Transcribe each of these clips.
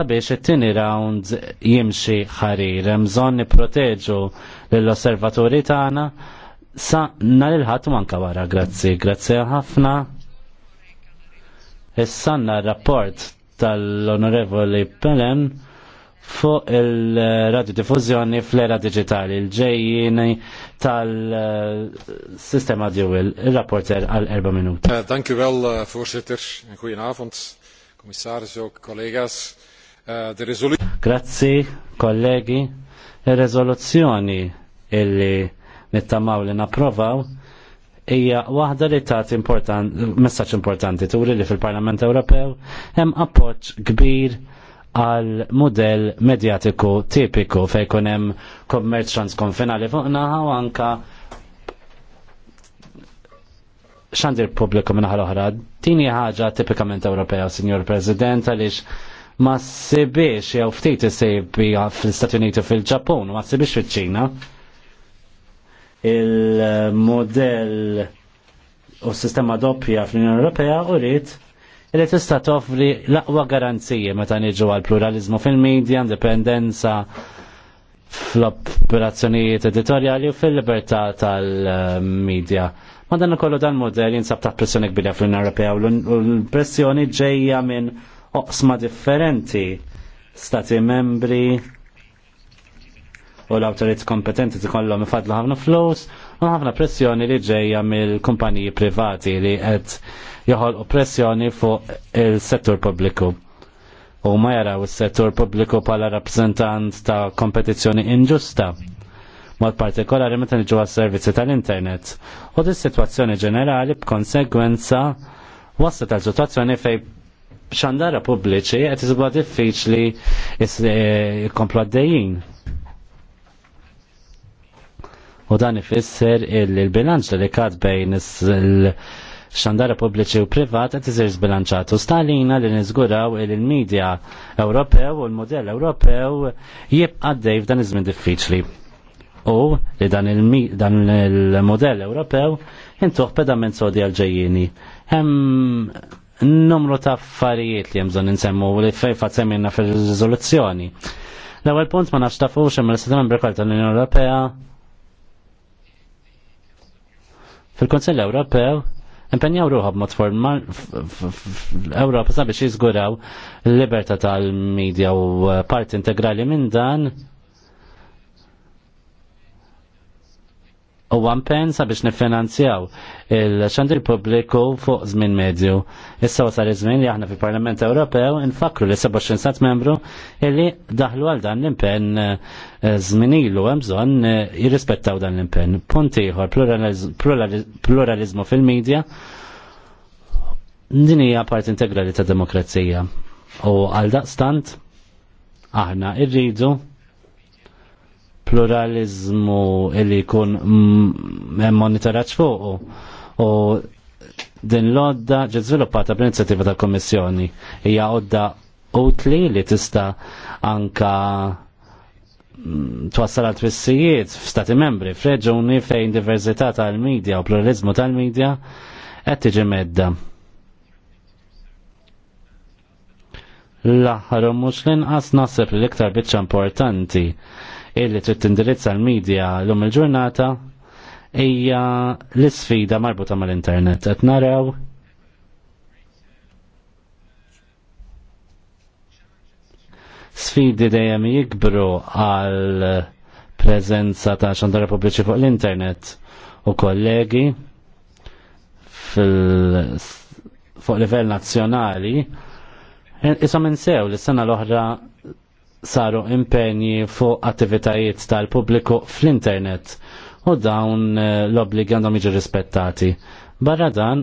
Sabiex it-tini round jimxi ħarir, mżon niproteġu l-osservaturi tagħna sa nhar il-ħadd manka wara, grazzi, grazzi ħafna. Issanna rapport tal-Onorevoli Pelen fuq il-radiodiffużjoni fl-era digitali, il-ġejjini tal-sistema Dewel, il-rapporter għal erba minuti. Dank eh, u wel, eh, voorzitter. Goedenavond, commissaris, ook kollegas. Eh, Grazzi, kollegi, il-rezoluzzjoni illi nittamaw li napprovaw hija waħda li tat important, messaċ importanti turi li fil-Parlament Ewropew hemm appoġġ kbir għal modell medjatiku tipiku fejkun hemm kommerċ transkonfinali fuqna naħa u anka xandir pubbliku minnaħal oħra. Tini ħaġa tipikament Ewropea, Signor President, għaliex ma sebiex jew ftit isibi fl-Istati Uniti fil-Ġappun, ma sebiex fiċ-Ċina. Il-modell u s-sistema doppja fl-Unjoni Ewropea u rrit li tista' toffri l-aqwa garanzija meta niġu għal pluralizmu fil-medja, indipendenza fl-operazzjonijiet editorjali u fil-libertà tal-medja. Ma dan kollu dan modell jinsab ta' pressjoni kbira fl-Unjoni Ewropea u l-pressjoni ġejja minn oqsma differenti stati membri u l-autorit kompetenti tikollhom ifadlu ħafna flus u ħafna pressjoni li ġejja mill-kumpaniji privati li qed joħolqu pressjoni fuq il-settur pubbliku. U ma jaraw is-settur pubbliku bħala rappreżentant ta' kompetizzjoni inġusta mod partikolari meta niġu għas-servizzi tal-internet. U dis-sitwazzjoni ġenerali b'konsegwenza wasta tal-situazzjoni fej xandara pubbliċi qed isibha diffiċli e, jkomplu għaddejjin. U dan ifisser il-bilanċ li kad bejn xandara pubbliċi u privat qed iżir zbilanċat. U stalina li niżguraw il-medja Ewropew u l-modell Ewropew jibqa' dej f'dan iż-żmien diffiċli. U li dan il-modell Ewropew intuħ pedament sodi għal-ġejjini numru ta' affarijiet li jemżon insemmu u li fejfa semmina fil-rizoluzzjoni. L-ewwel punt ma nafx tafux ma' l-Istat Membri kol tal-Unjoni Ewropea fil-Kunsill Ewropew impenjaw ruħu b'mod formal Ewropa sabiex jiżguraw l-libertà tal-medja u eh, parti integrali minn dan u għampen sabiex nifinanzjaw il-xandir publiku fuq żmien medju. Issa wasar iż-żmien li aħna fil-Parlament Ewropew infakru li 27 sat membru illi daħlu għal dan l-impenn eh, żmien ilu hemm bżonn eh, jirrispettaw dan l-impenn. Punt ieħor pluralizmu fil-medja din hija part integrali ta' demokrazija. U għal daqstant aħna irridu pluralizmu li jkun monitoraġġ fuq u din l-odda ġiet żviluppata bl tal-Kommissjoni hija odda utli li tista' anka mm, twassal għal twissijiet f'stati membri, f'reġuni fejn diversità tal-medja u pluralizmu tal-medja qed tiġi medda. L-aħħar mhux l-inqas naħseb li l-iktar biċċa importanti illi trid tindirizza l-medja l-lum il-ġurnata hija l-isfida marbuta mal-internet. Qed naraw sfidi dejjem jikbru għal preżenza ta' xandara pubbliċi fuq l-internet u kollegi fuq livell nazzjonali isom minn sew, l-sena l-oħra saru impenji fuq attivitajiet tal-pubbliku fl-internet u dawn eh, l-obbligi għandhom jiġu rispettati. Barra dan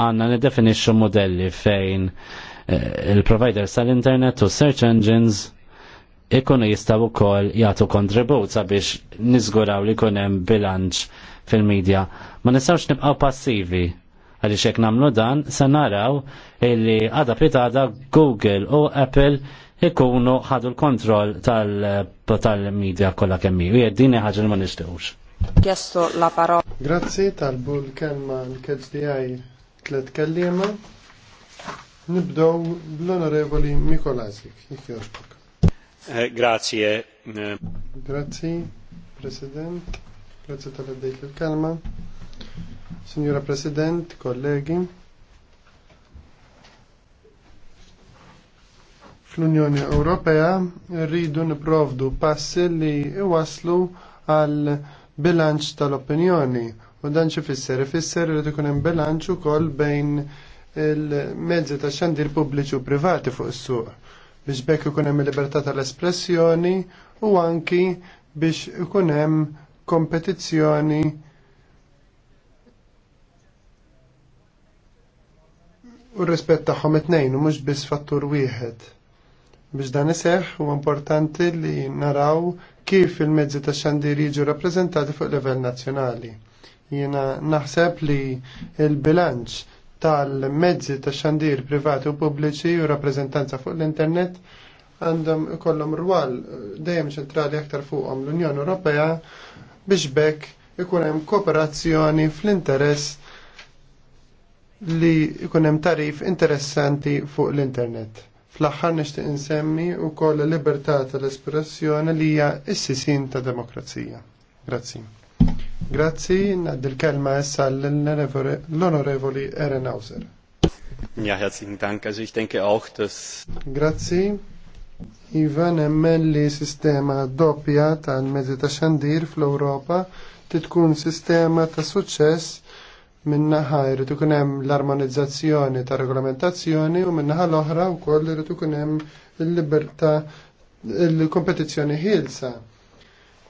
għanna nidefinixxu modelli fejn eh, il-providers tal-internet u search engines ikunu jistaw ukoll jagħtu kontribut sabiex niżguraw li jkun hemm bilanċ fil-medja. Ma nistgħux nibqgħu passivi għaliex hekk nagħmlu dan se naraw illi għada pitada Google u Apple ikunu ħadu l-kontroll tal media kollha kemm hi. Jgħid din ħaġa li ma nistewx. Chiesto la parola. Grazzi tal-bull kelma l-KHDI tliet kellima. Nibdow bl-onorevoli Mikolasik. Eh, grazie. Grazie, President. Grazie tal-għaddejt l-kelma. Signora President, kollegi. fl-Unjoni Ewropea rridu niprovdu passi li iwaslu għal bilanċ tal-opinjoni u dan xi fisser ifisser li ikun hemm bilanċ ukoll bejn il-mezzi ta' xandir pubbliċi u privati fuq is-suq biex bekk ikun hemm libertà tal-espressjoni u anki biex ikun hemm kompetizzjoni u rispett tagħhom it-tnejn u mhux biss fattur wieħed. Biex dan iseħ u importanti li naraw kif il-mezzi ta' xandir jiġu rappresentati fuq level nazzjonali. Jena naħseb li il-bilanċ tal-mezzi ta' xandir privati u pubbliċi u rappresentanza fuq l-internet għandhom kollom rwal dejjem ċentrali aktar fuqhom l-Unjoni Ewropea biex bekk ikun hemm kooperazzjoni fl-interess li ikun hemm tarif interessanti fuq l-internet. Fl-aħħar nixtieq insemmi wkoll libertà tal-espressjoni li hija s-sisin ta' demokrazija. Grazzi. Grazzi, ngħaddi l-kelma issa l-Onorevoli Eren Hauser. Ja, herzlichen Dank. Also ich denke auch, dass... Grazzi. Ivan nemmen li sistema doppja tal-mezzi ta' xandir fl-Europa titkun sistema ta' suċċess minnaħa jrid ikun hemm l-armonizzazzjoni ta' regolamentazzjoni u minnaħa l-oħra wkoll koll ikun hemm il-libertà il-kompetizzjoni ħielsa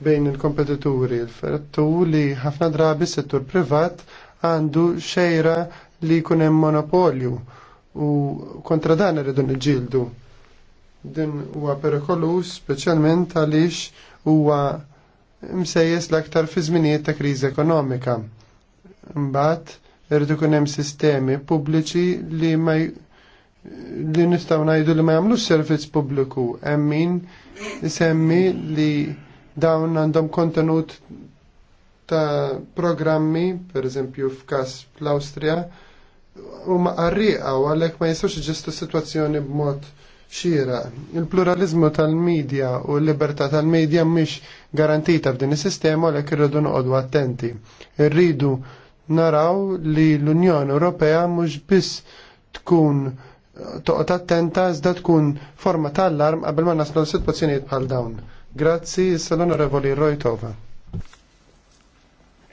bejn il-kompetituri. Il-fettu li ħafna drabi settur privat għandu xejra li jkun hemm monopolju u kontra dan irridu niġġieldu. Din huwa perikolus speċjalment għaliex huwa msejjes l-aktar fi żminijiet ta' kriżi ekonomika Mbagħad irid jkun hemm sistemi pubbliċi li ma li nistgħu ngħidu li ma jagħmlux servizz pubbliku. Hemm min semmi li dawn għandhom kontenut ta' programmi, pereżempju f'każ fl-Awstrija, u ma qarriqa u għalhekk ma jistgħux iġestu sitwazzjoni b'mod xira. Il-pluralizmu tal-medja u l-libertà tal-medja mhix garantita f'din is-sistema għalhekk irridu noqogħdu attenti. Irridu naraw li l-Unjoni Ewropea mhux biss tkun toqgħod attenta iżda tkun forma tal-alarm qabel ma naslu l-sitwazzjonijiet bħal dawn. Grazzi, issa l-Onorevoli Rojtova.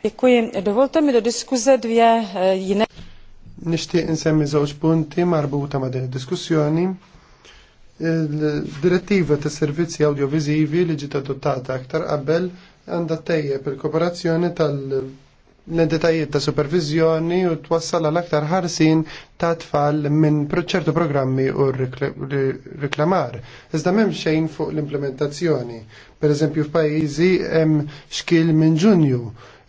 mi eh, Nixtieq insemmi żewġ punti marbuta ma' din id-diskussjoni. direttiva tas servizzi audiovisivi li ġiet adottata aktar qabel għandha tejjeb il-kooperazzjoni tal- l-entitajiet ta' supervizjoni u twassal għal aktar ħarsin ta' tfal minn ċertu programmi u reklamar. Iżda m'hemm xejn fuq l-implementazzjoni. Per eżempju f'pajjiżi hemm xkil minn Ġunju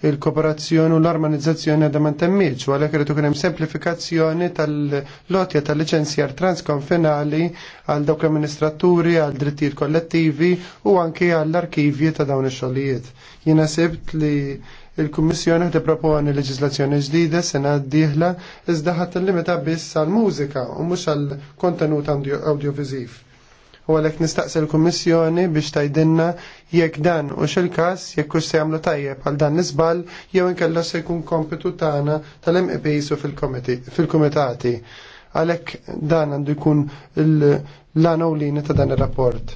il-kooperazzjoni u l-armonizzazzjoni għadha ma ntemmiġ u għalhekk irid ikun hemm semplifikazzjoni tal-lotja tal-liċenzjar transkonfinali għal dawk l-amministraturi għal drittijiet kollettivi u anke għall arkivji ta' dawn ix-xogħlijiet. Jiena sibt li Il-Kummissjoni ħat proponi leġislazzjoni ġdida sena d-dieħla iżda ħat limita biss għal mużika u mhux għal kontenut audiovisiv. U għalhekk nistaqsi l-Kummissjoni biex tajdinna jekk dan u xil-każ jekk hux se jagħmlu tajjeb għal dan l jew inkella se jkun kompitu tagħna tal-MEPs fil-kumitati. Għalhekk dan għandu jkun l-lanowlini ta' dan ir-rapport.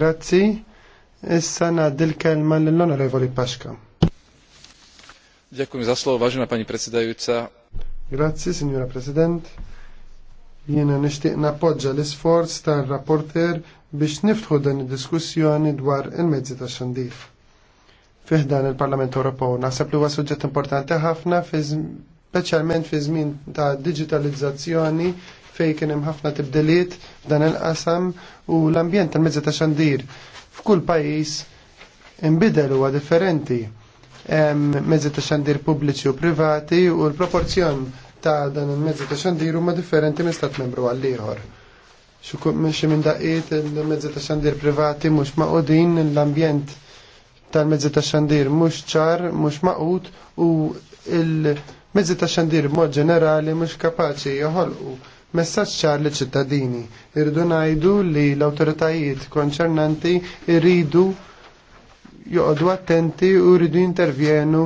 Grazzi. Issa naddi l-kelma l-Onorevoli Paxka. Ďakujem za slovo, pani predsedajúca. Grazzi, signora President. Jiena nixtieq nappoġġa l-isforz tar-rapporter biex niftħu dan id-diskussjoni dwar il-mezzi ta' xandif. Fiħdan il-Parlament Ewropew naħseb li huwa suġġett importanti ħafna speċjalment fi żmien ta' digitalizzazzjoni fejn kien hemm ħafna tibdiliet f'dan il-qasam u l-ambjent tal-mezzi ta' xandir f'kull pajjiż inbidel huwa differenti mezzi ta' xandir pubbliċi u privati u l-proporzjon ta' dan il-mezzi ta' xandir huma differenti minn stat membru għall ieħor. Xi minn daqiet il-mezzi ta' xandir privati mhux maqudin l-ambjent tal-mezzi ta' xandir mhux ċar, mhux maqud u il-mezzi ta' xandir mod ġenerali mhux kapaċi joħolqu messaġġ ċar li ċittadini. Irridu ngħidu li l-awtoritajiet konċernanti irridu joqogħdu attenti u jridu intervjenu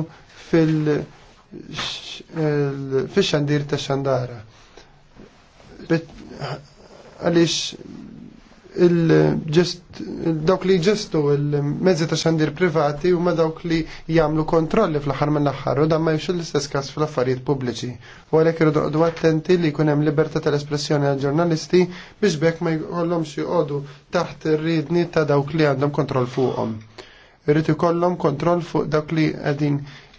fil-xandir ta' xandara. Għaliex dawk li ġestu il-mezzi ta' xandir privati u ma dawk li jamlu kontrolli fl-ħar l aħħar u dan ma l-istess kas fl-affarijiet pubbliċi. U għalhekk irdu attenti li jkun hemm libertà tal-espressjoni għal ġurnalisti biex bekk ma jkollhomx joqogħdu taħt ir ta' dawk li għandhom kontroll fuqhom. Irrid ikollhom kontroll fuq dak li qegħdin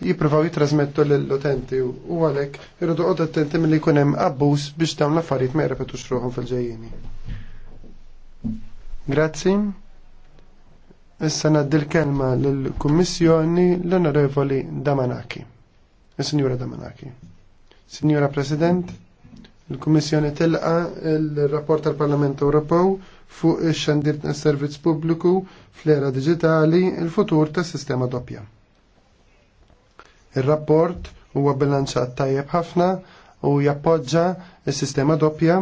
jippruvaw jitrasmettu lill-utenti u għalhekk irridu qod attenti milli jkun hemm abbuż biex dawn l-affarijiet ma jrepetux ruħhom fil-ġejjieni. Grazzi. Issa ngħaddi l-kelma lill-Kummissjoni l-Onorevoli Damanaki. Is-Sinjura e Damanaki. Signora President, Il-Kummissjoni tilqa il-rapport tal-Parlament Ewropew fuq ix-xandir tas servizz pubbliku fl-era diġitali il-futur tas sistema doppja. Ir-rapport huwa bilanċat tajjeb ħafna u jappoġġa s-sistema doppja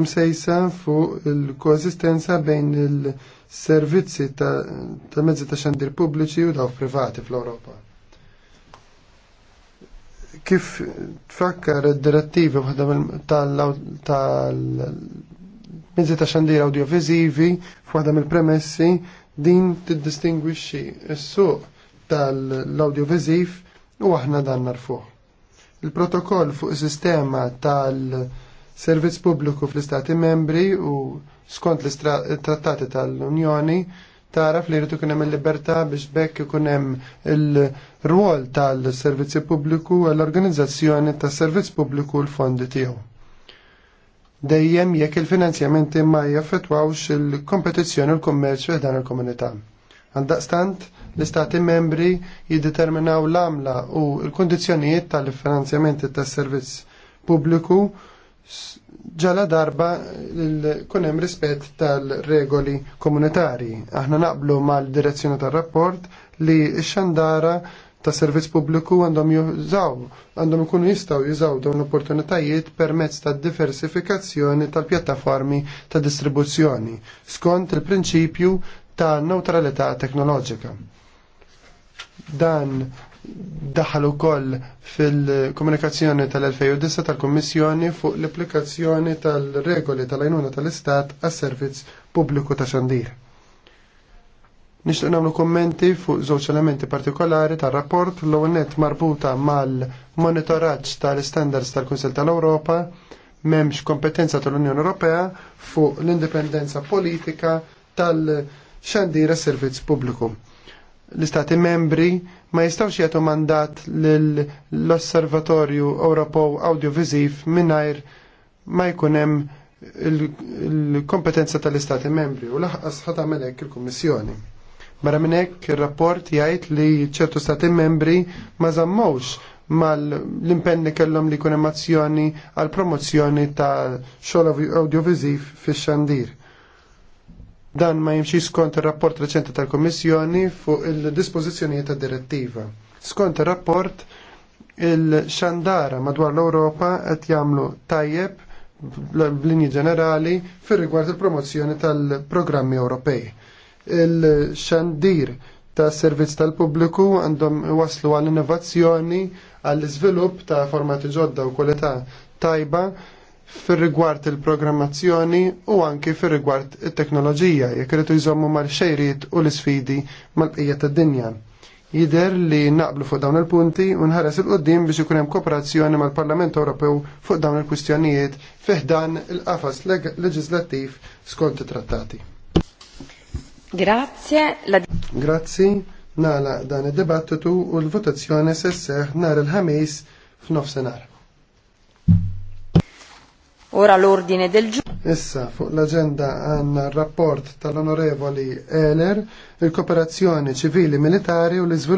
imsejsa fuq il-koesistenza bejn il-servizzi tal-mezzi ta' xandir pubbliċi u dawk privati fl-Ewropa kif tfakkar id direttivi waħda tal-mizzi ta' xandira audiovizivi f'waħda mill-premessi din tiddistingwixxi s-suq tal-audiovisiv u aħna dan narfuh. Il-protokoll fuq sistema tal-servizz pubbliku fl-Istati membri u skont l-trattati tal-Unjoni taraf li rritu kunem il-libertà biex bekk kunem il-rwol tal-servizzi pubbliku u l-organizzazzjoni tas-servizz pubbliku l-fondi tiegħu. Dejjem jekk il-finanzjamenti ma jaffetwawx il-kompetizzjoni u l-kummerċ dan il-komunità. Għaldaqstant, l-istati membri jiddeterminaw l-għamla u l-kondizjonijiet tal-finanzjamenti tas-servizz pubbliku ġala darba kunem rispett tal-regoli komunitari. Aħna naqblu mal-direzzjoni tal-rapport li xandara ta' servizz pubbliku għandhom jużaw, għandhom ikunu jistaw jużaw dawn l-opportunitajiet permezz ta' diversifikazzjoni tal-pjattaformi ta' distribuzzjoni, skont il-prinċipju ta' neutralità teknoloġika. Dan daħal ukoll fil-komunikazzjoni tal-2009 tal-Kummissjoni fuq l-applikazzjoni tal-regoli tal-għajnuna tal-Istat għas servizz pubbliku ta' xandir. Nixtieq nagħmlu kommenti fuq żewġ elementi partikolari tar-rapport l net marbuta mal-monitoraġġ tal-standards tal-Kunsel tal-Ewropa m'hemmx kompetenza tal-Unjoni Ewropea fuq l-indipendenza politika tal-xandir għas servizz pubbliku l-istati membri ma jistawx jagħtu mandat l-Osservatorju Ewropew Audiovisiv mingħajr ma jkun hemm il-kompetenza tal-istati membri u laħqas ħad tagħmel il-Kummissjoni. Barra minn hekk ir-rapport jgħid li ċertu stati membri ma ma mal-impenni kellhom li jkun hemm azzjoni għal promozzjoni ta' xol audiovisiv fix-xandir Dan ma jimxi skont ir-rapport reċenti tal komissjoni fuq il-dispożizzjonijiet ta' direttiva. Skont ir-rapport il-xandara madwar l-Ewropa qed jagħmlu tajjeb b'linji ġenerali fir rigward il-promozzjoni tal-programmi Ewropej. Il-xandir ta' servizz tal-pubbliku għandhom waslu għall innovazzjoni għall iżvilupp ta' formati ġodda u kwalità tajba fir-rigward il-programmazzjoni u anki fir-rigward it-teknoloġija jekk irid jżommu mal-xejriet u l-isfidi mal-bqija tad-dinja. Jider li naqblu fuq dawn il-punti u nħares il-qoddim biex ikun hemm kooperazzjoni mal-Parlament Ewropew fuq dawn il-kwistjonijiet fiħdan il-qafas leġislattiv skont it-trattati. Grazie. La... Grazie. Nala dan id-dibattitu u l-votazzjoni se sseħħ nhar il-ħamis f'nofsinhar. Ora l'ordine del giorno. Essa fuq l-agenda rapporto tra l'onorevole Eller, il cooperazione civile e militare u l sviluppo.